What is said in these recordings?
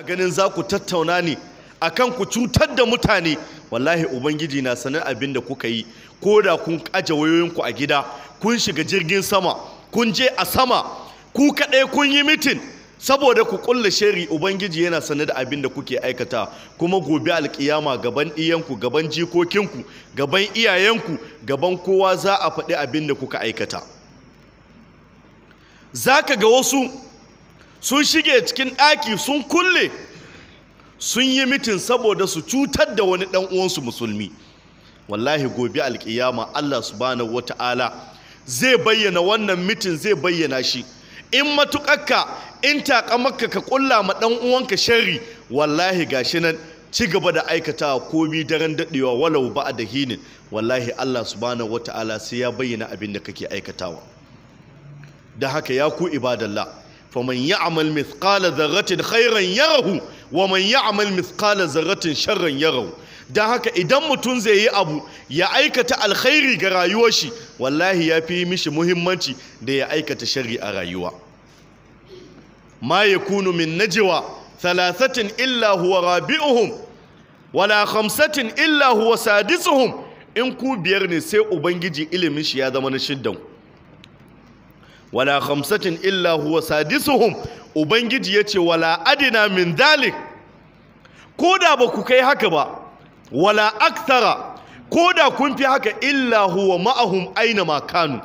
ganin za ku tattauna ne a kan ku cutar da mutane wallahi ubangiji na sanin abin da kuka yi ko da kun aje wayoyinku a gida kun shiga jirgin sama kun je a sama ku kaɗai kun yi mitin saboda ku ƙulla sheri ubangiji yana sanar da abin da kuke aikata kuma gobe alkiyama gaban iyanku gaban jikokinku gaban iyayenku gaban kowa za a faɗi abin da kuka aikata za ka ga wasu sun shige cikin ɗaki sun kulle sun yi mitin saboda su cutar da wani ɗan uwansu musulmi wallahi gobe alkiyama Allah subhanahu wata'ala zai bayyana wannan mitin zai bayyana shi in matuƙakka in taƙamakka ka ƙulla ma ɗan uwanka shari wallahi gashi nan ci gaba da aikatawa komi daren daɗewa walau ba da hinin wallahi Allah subhanahu wata'ala sai ya bayyana abin da kake aikatawa da haka ya ku ibadallah فمن يعمل مثقال dharratin خيرا yarahu wa man مثقال mithqala شرا sharran yarahu dan haka idan mutum zai yi abu ya aikata alkhairi ga rayuwar shi wallahi ya fi mishi muhimmanci da ya aikata sharri a rayuwa ma yakunu min najwa thalathatin illa huwa rabi'uhum wala khamsatin illa huwa sadisuhum in ku biyar ne sai ubangiji ilimin shi ya zama na shiddan ku wala khamsatin illa huwa sadisuhum ubangiji yace wala adina min dalik ko da ba ku kai haka ba wala akthara ko da kun fi haka illa huwa ma'ahum aina ma kanu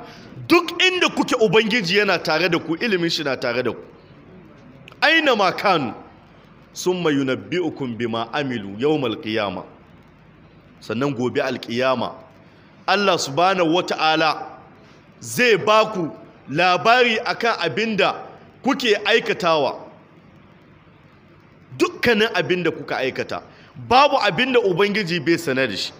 duk inda kuke ubangiji yana tare da ku ilimin shi na tare da ku aina ma kanu summa yunabbi'ukum bima amilu yawmal qiyama sannan gobe alqiyama Allah subhanahu wata'ala zai baku labari akan abinda kuke aikatawa dukkanin abinda kuka aikata babu abinda ubangiji bai sana da shi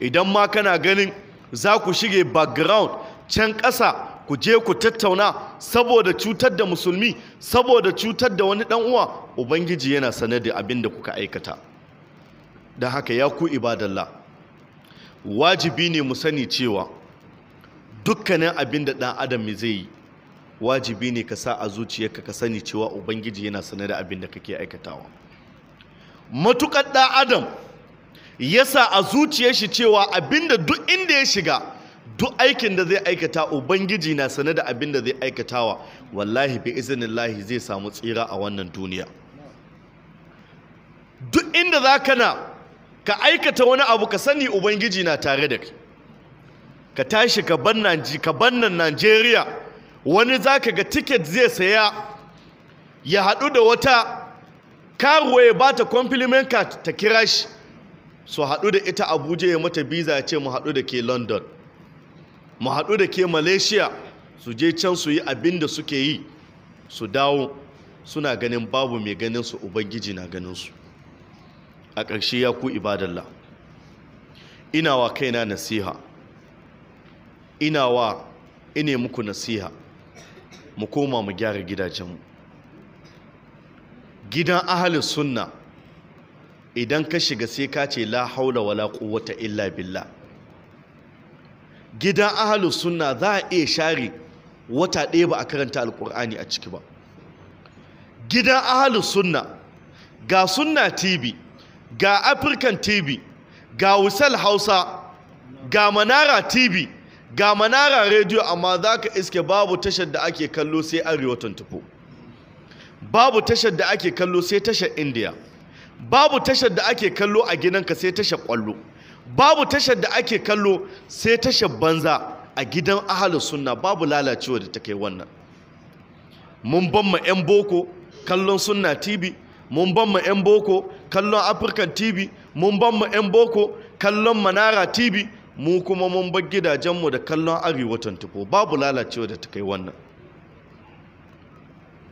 idan ma kana ganin za ku shige background can ƙasa ku je ku tattauna saboda cutar da musulmi saboda cutar da wani dan uwa ubangiji yana sana da abin da kuka aikata Da haka ya ku ibadallah wajibi ne mu sani cewa dukkanin abin da ɗan adam zai yi wajibi ne ka sa a zuciyarka ka sani cewa ubangiji yana sanar da abin da kake aikatawa matukar ɗan adam ya sa a zuciyar shi cewa abin da duk inda ya shiga duk aikin da zai aikata ubangiji na sanar da abin da zai aikatawa wallahi bi lahi zai samu tsira a wannan duniya duk inda za ka na ka aikata wani abu ka sani ubangiji na tare da kai ka tashi ka ban nan Najeriya wani zaka ga tiket zai saya ya haɗu da wata karuwa ya bata compliment card ta kira shi su haɗu da ita Abuja ya mata visa ya ce mu haɗu da ke London mu haɗu da ke Malaysia su je can su yi abin da suke yi su dawo suna ganin babu mai ganin su ubangiji na ganin su a ƙarshe ya ku ibadallah ina wa kaina nasiha ina wa ine muku nasiha mu koma mu gyara gidajenmu gidan ahalin sunna idan ka shiga sai ka ce la haula wala quwwata illa billah gidan ahalin sunna za a iya share wata ɗaya ba a karanta alkur'ani a ciki ba gidan ahalin sunna ga sunna tv ga african tv ga wisal hausa ga manara tv ga manara rediyo amma za ka iske babu tashar da ake kallo sai arewa 24 babu tashar da ake kallo sai tashar indiya babu tashar da ake kallo a gidanka sai tashar kwallo babu tashar da ake kallo sai tashar banza a gidan ahalin sunna babu lalacewa da ta kai wannan mun ban ma 'yan boko kallon sunna tv mun ban ma 'yan boko kallon african tv mun ban ma 'yan boko kallon manara tv mu kuma mun bar mu da kallon arewa 24 babu lalacewa da ta kai wannan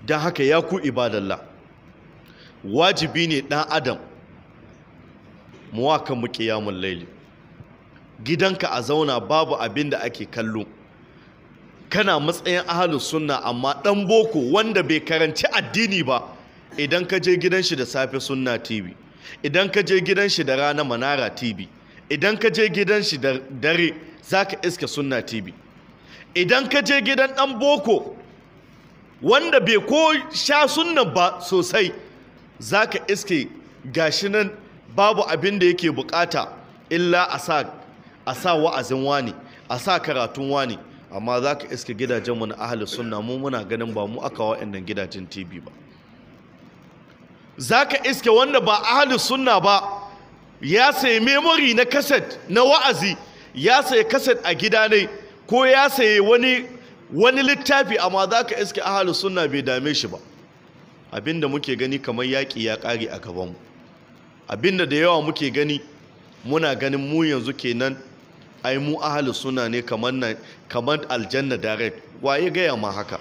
don haka ya ku ibadallah wajibi ne ɗan adam muwakan mu kiyamun laili gidanka a zauna babu abin da ake kallo kana matsayin ahalus sunna amma ɗan boko wanda bai karanci addini ba idan ka je gidan shi da safe sunna tv idan ka je gidan shi da rana manara tv idan ka je gidan shi da dare za ka iska sunna tv idan ka je gidan ɗan boko wanda bai ko sha sunna ba sosai za ka iske gashi nan babu abin da yake bukata illa a sa wa'azin wani a sa karatun wani amma za ka iske gidajenmu na ahli sunna mu muna ganin ba mu aka wa'annan gidajen tv ba za ka iske wanda ba ahli sunna ba ya sayi memory na kaset na wa'azi ya sayi kaset a gida ne ko ya sayi wani wani littafi amma za ka iske ahalus sunna bai dame shi ba abinda muke gani kamar yaƙi ya ƙari a gabanmu abinda da yawa muke gani muna ganin mu yanzu kenan ai mu ahalus sunna ne kamar aljanna direct waye gaya ma haka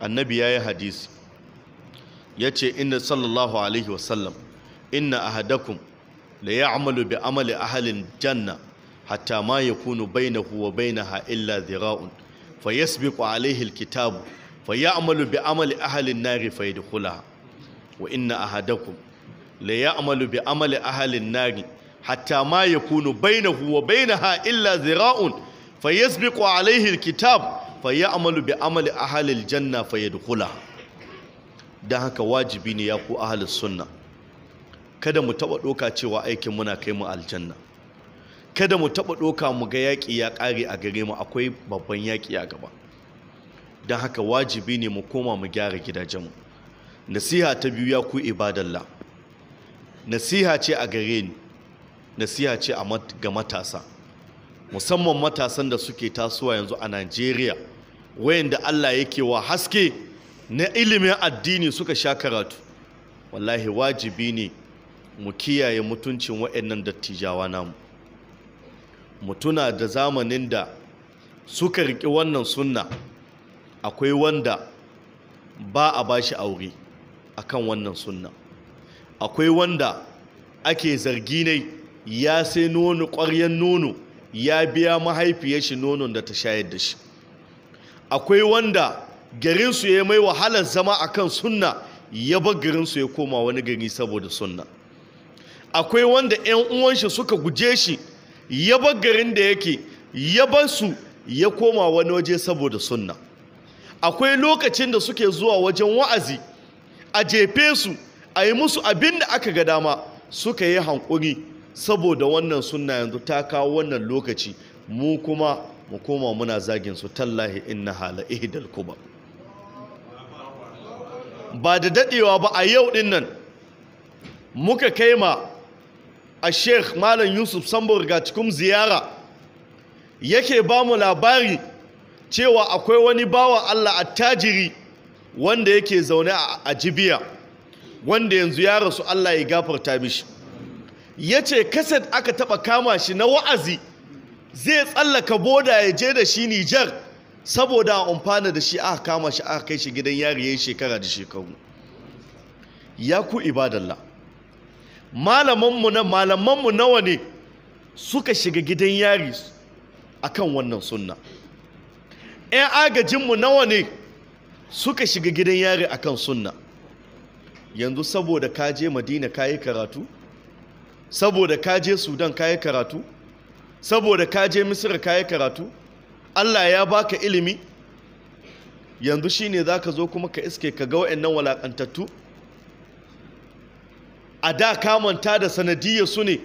annabi ya yi hadisi ya ce inda sallallahu alaihi wasallam inna ahadakum la ya'malu bi amali ahalin janna hatta ma ya yakunu bainahu wa bainaha illa ziraun dhira'un fayasbiqu alayhi alkitabu fayamalu bi amali ahalin nari nar fayadkhulaha wa inna ahadakum la ya'malu bi amali ahli an-nar hatta ma yakunu bainahu wa bainaha illa dhira'un fayasbiqu alayhi alkitab fayamalu bi amali ahli al-janna fayadkhulaha dan haka wajibi ne ya ku ahlus sunna kada mu taɓa ɗoka cewa aikin muna kai mu aljanna kada mu taɓa ɗoka mu ga yaƙi ya ƙare a gare mu akwai babban yaƙi a gaba don haka wajibi ne mu koma mu gyara gidajen mu. nasiha ta biyu ya ku ibadalla. nasiha ce a gare ni nasiha ce ga matasa musamman matasan da suke tasowa yanzu a najeriya wayanda allah yake wa haske na ilimin addini suka sha karatu wallahi wajibi ne mu kiyaye mutuncin waɗannan dattijawa namu mutuna da zamanin da suka riƙi wannan sunna akwai wanda ba a bashi aure akan wannan sunna akwai wanda ake zargi ne ya sai nono ƙwaryen nono ya biya mahaifiyar shi nonon da ta shayar da shi akwai wanda garinsu ya mai wahalar zama akan sunna ya bar garinsu ya koma wani gari saboda sunna akwai wanda 'yan uwanshi suka guje shi ya bar garin da yake ya bar su ya koma wani waje saboda sunna akwai lokacin da suke zuwa wajen wa'azi a jefe su a yi musu abin da aka ga dama suka yi hankuri saboda wannan sunna yanzu ta kawo wannan lokaci mu kuma mu koma muna zagin su tallahi inna hala ihdal kuba ba da dadewa ba a yau din nan muka kai ma a sheikh malam yusuf sambor ga cikin ziyara yake ba mu labari cewa akwai wani bawa allah attajiri wanda yake zaune a jibiya wanda yanzu ya rasu allah ya gafarta mishi ya ce kaset aka taba kama shi na wa'azi zai tsallaka boda ya je da shi nijar saboda a umfana da shi aka kama shi aka kai shi gidan yari ya yi shekara da shekaru ya ku ibadallah malamanmu na malamanmu nawa ne suka shiga gidan yari akan wannan sunna 'yan agajinmu nawa ne suka shiga gidan yari akan sunna yanzu saboda ka je madina ka yi karatu saboda ka je sudan ka yi karatu saboda ka je misir ka yi karatu allah ya baka ilimi yanzu shine za ka zo kuma ka iske ka ga nan walakantattu a da kamanta da sanadiyya su ne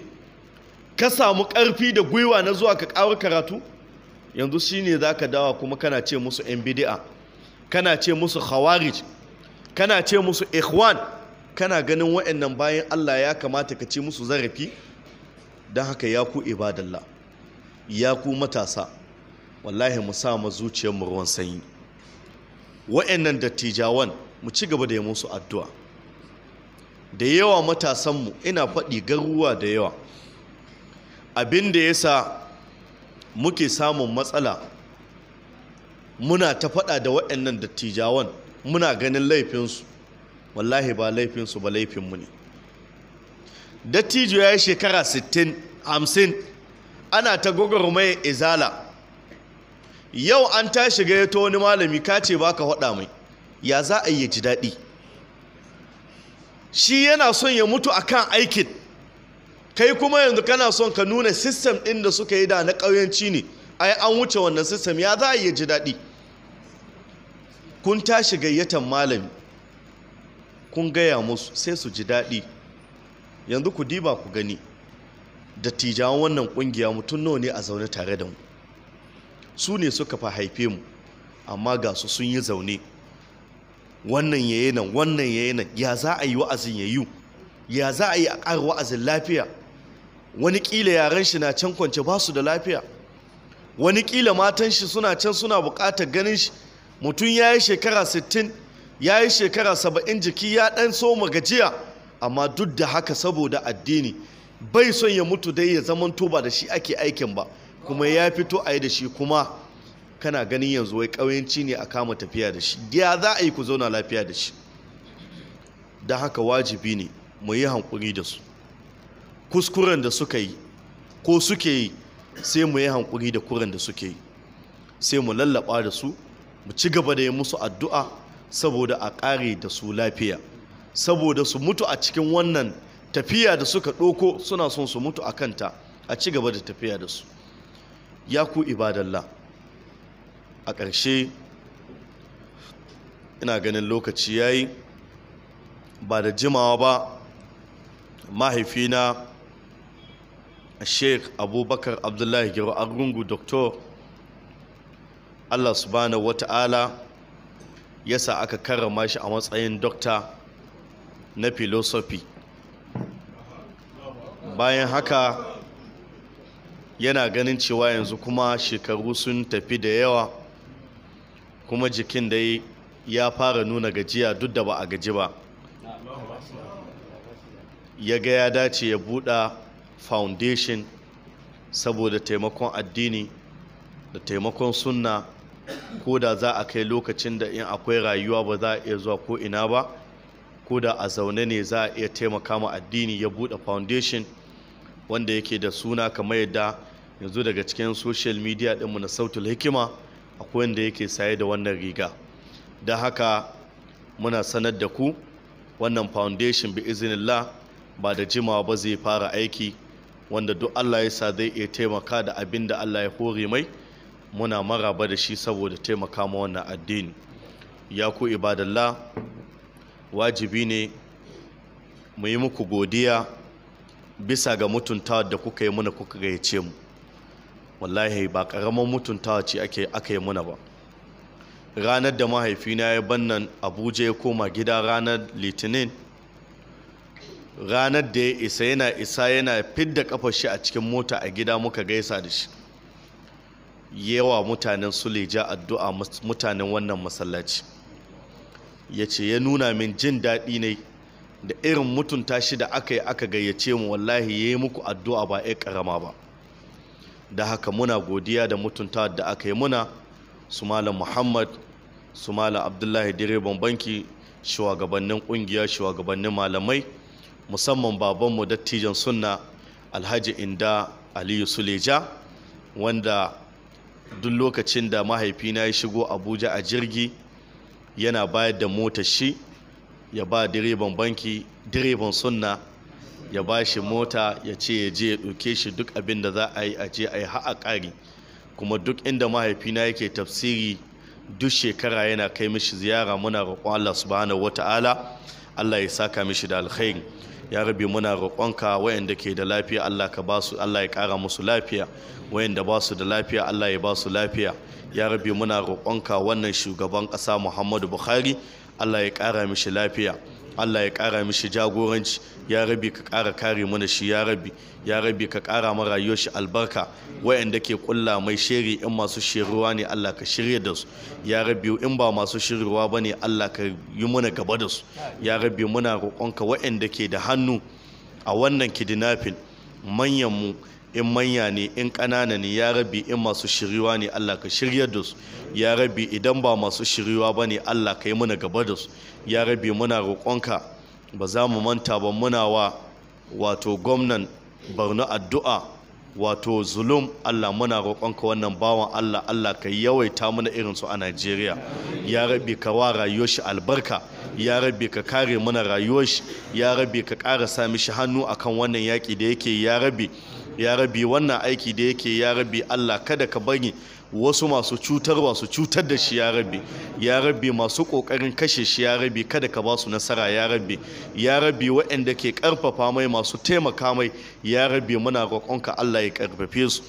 ka samu ƙarfi da gwiwa na zuwa ka ƙawar karatu yanzu shi ne za ka dawa kuma kana ce musu 'yan kana ce musu khawarij kana ce musu ikhwan kana ganin wa'annan bayan allah ya kamata ka ce musu zarafi don haka ya ku ibadallah ya ku matasa wallahi mu sa ma zuciyar mu ruwan sanyi wa'annan dattijawan mu ci gaba da yi musu addu'a da yawa matasanmu ina faɗi garuwa da yawa abin da ya sa muke samun matsala muna ta faɗa da waɗannan dattijawan muna ganin laifinsu wallahi ba laifinsu ba laifinmu ne dattijo ya yi shekara 60 ana ta gwagwarmaye izala yau an tashi gayyato wani malami ka ce ba ka mai ya za a yi ji daɗi shi yana son ya mutu akan aikin kai kuma yanzu kana son ka nuna system ɗin da suka yi da na ƙauyenci ne ai an wuce wannan system ya za a yi ji daɗi kun tashi gayyatan malami kun gaya musu sai su ji daɗi yanzu ku diba ku gani dattijawan wannan ƙungiya mutum nawa ne a zaune tare da mu su ne suka fa haife mu amma ga su sun yi zaune wannan yi nan wannan yi nan ya za a yi wa'azin ya yi ya za a yi a ƙara wa'azin lafiya wani ƙila yaren shi na can kwance ba su da lafiya wani ƙila matan shi suna can suna buƙatar ganin shi mutum ya yi shekara 60 ya yi shekara 70 jiki ya ɗan so gajiya amma duk da haka saboda addini bai son ya mutu dai ya zamanto ba da shi ake aikin ba kuma ya fito a yi da shi kuma kana ganin yanzu wai ƙauyenci ne a kama tafiya da shi ya za a yi ku zauna lafiya da shi Da haka wajibi ne mu yi hankuri da su kuskuren da suka yi ko suke yi sai mu yi hankuri da kuren da suke yi sai mu lallaba da su mu ci gaba da yi musu addu'a saboda a ƙare da su lafiya saboda su mutu a cikin wannan tafiya da suka ɗoko suna son su mutu a kanta a ci gaba da tafiya da su ya ku ibadallah a ƙarshe ina ganin lokaci ya yi ba da jimawa ba mahaifina sheik abubakar abdullahi gero argungu doktor allah subhanahu wata'ala ya sa aka karrama shi a matsayin dokta na philosophy bayan haka yana ganin cewa yanzu kuma shekaru sun tafi da yawa kuma jikin da ya fara nuna gajiya duk da ba a gaji ba ya ga ya dace ya buɗa foundation saboda taimakon addini da taimakon sunna ko da za a kai lokacin da in akwai rayuwa ba za a iya zuwa ko ina ba ko da a zaune ne za a iya taimaka ma addini ya buɗe foundation wanda yake da suna kamar yadda yanzu daga cikin social media ɗinmu na sautul hikima akwai wanda yake saye da wannan riga don haka muna sanar da ku wannan foundation bi izinillah ba da jimawa ba zai fara aiki wanda duk Allah ya sa zai iya taimaka da abin da Allah ya hore mai muna mara ba da shi saboda taimaka ma wannan addini ya ku ibadallah wajibi ne mu yi muku godiya bisa ga mutunta da kuka yi muna kuka gayyace mu wallahi ba ƙaramin mutuntawa ce ake aka yi muna ba ranar da mahaifina ya bannan abuja ya koma gida ranar litinin ranar da ya isa yana isa yana fidda kafar shi a cikin mota a gida muka gaisa da shi yawa mutanen suleja addu'a mutanen wannan masallaci ya ce ya nuna min jin daɗi ne da irin mutunta shi da aka yi aka gayyace mu wallahi ya yi muku addu'a ba ya karama ba da haka muna godiya da mutunta da aka yi muna su malam muhammad su malam abdullahi direban banki shugabannin kungiya shugabannin malamai musamman babanmu dattijan sunna alhaji inda aliyu suleja wanda duk lokacin da mahaifina ya shigo abuja a jirgi yana bayar da motar shi ya ba direban banki direban sunna ya ba shi mota ya ce ya je ya ɗauke shi duk abin da za a yi a je a yi ha'a ƙari kuma duk inda mahaifina yake tafsiri duk shekara yana kai mishi ziyara muna roƙon Allah subhanahu wata'ala Allah ya saka mishi da alkhairi ya rabi muna roƙonka wayanda ke da lafiya Allah ka ba su Allah ya ƙara musu lafiya wayanda ba su da lafiya Allah ya ba su lafiya ya rabi muna roƙonka wannan shugaban ƙasa Muhammadu Buhari Allah ya ƙara mishi lafiya Allah ya ƙara mishi jagoranci ya rabi ka ƙara kare mana shi ya rabi ya rabi ka ƙara ma rayuwar shi albarka wayanda ke kulla mai shiri in masu shiruwa ne Allah ka shirya da su ya rabi in ba masu shiruwa bane Allah ka yi mana gaba da su ya rabi muna roƙonka wayanda ke da hannu a wannan kidnapping manyan mu in manya ne in ƙanana ne ya rabi in masu shiriwa ne Allah ka shirya da su ya rabi idan ba masu shiriwa ba ne Allah ka yi muna gaba da su ya rabi muna roƙonka ba za mu manta ba muna wa wato gwamnan barno addu'a wato zulum Allah muna roƙonka wannan bawan Allah Allah ka yawaita mana irin su a Najeriya ya rabi ka wa rayuwar shi albarka ya rabi ka kare mana rayuwar shi ya rabi ka ƙara sa mishi hannu akan wannan yaƙi da yake ya rabi ya rabi wannan aiki da yake ya rabi Allah kada ka bari wasu masu cutarwa su cutar da shi ya rabi ya rabi masu kokarin kashe shi ya rabi kada ka ba su nasara ya rabi ya rabi waɗanda ke karfafa mai masu taimaka mai ya rabi muna roƙonka Allah ya karfafe su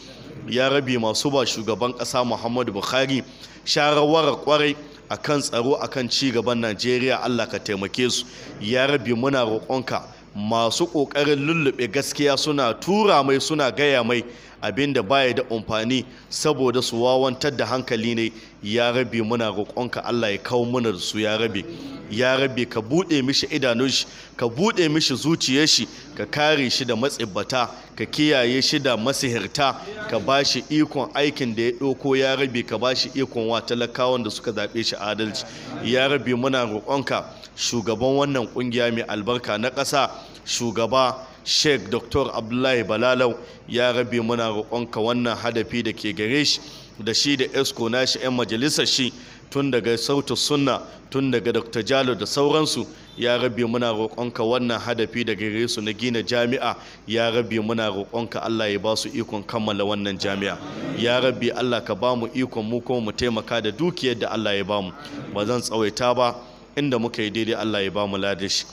ya rabi masu ba shugaban ƙasa Muhammadu Buhari sharawar kwarai akan tsaro akan ci gaban Najeriya Allah ka taimake su ya rabi muna roƙonka masu ƙoƙarin lullube gaskiya suna tura mai suna gaya mai abinda baya da amfani saboda su wawantar da hankali ne ya rabe muna roƙonka Allah ya kawo muna da su ya rabe ya rabe ka buɗe mishi idanun shi ka buɗe mishi zuciyar shi ka kare shi da matsibbata ka kiyaye shi da masihirta ka ba shi ikon aikin da ya ɗauko ya rabe ka ba shi ikon wa talakawan da suka zaɓe shi adalci ya rabe muna roƙonka shugaban wannan ƙungiya mai albarka na ƙasa shugaba sheik dr abdullahi balalau ya rabe muna roƙonka wannan hadafi da ke gare shi da shi da esko nashi 'yan majalisar shi tun daga sautu sunna tun daga dr jalo da sauransu ya rabe muna roƙonka wannan hadafi da gare su na gina jami'a ya rabe muna roƙonka allah ya ba su ikon kammala wannan jami'a ya rabe allah ka ba mu ikon mu kuma mu taimaka da dukiyar da allah ya ba mu ba zan tsawaita ba inda muka yi daidai allah ya ba mu ladashi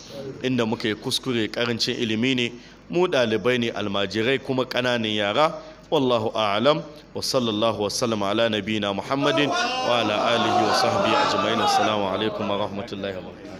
inda muka yi kuskure karancin ilimi ne mu ɗalibai ne almajirai kuma ƙananan yara wallahu a'lam wa sallallahu wasallam ala nabina muhammadin wa ala alihi wa sahbihi ajma'in assalamu alaikum wa rahmatullahi wa barakatuh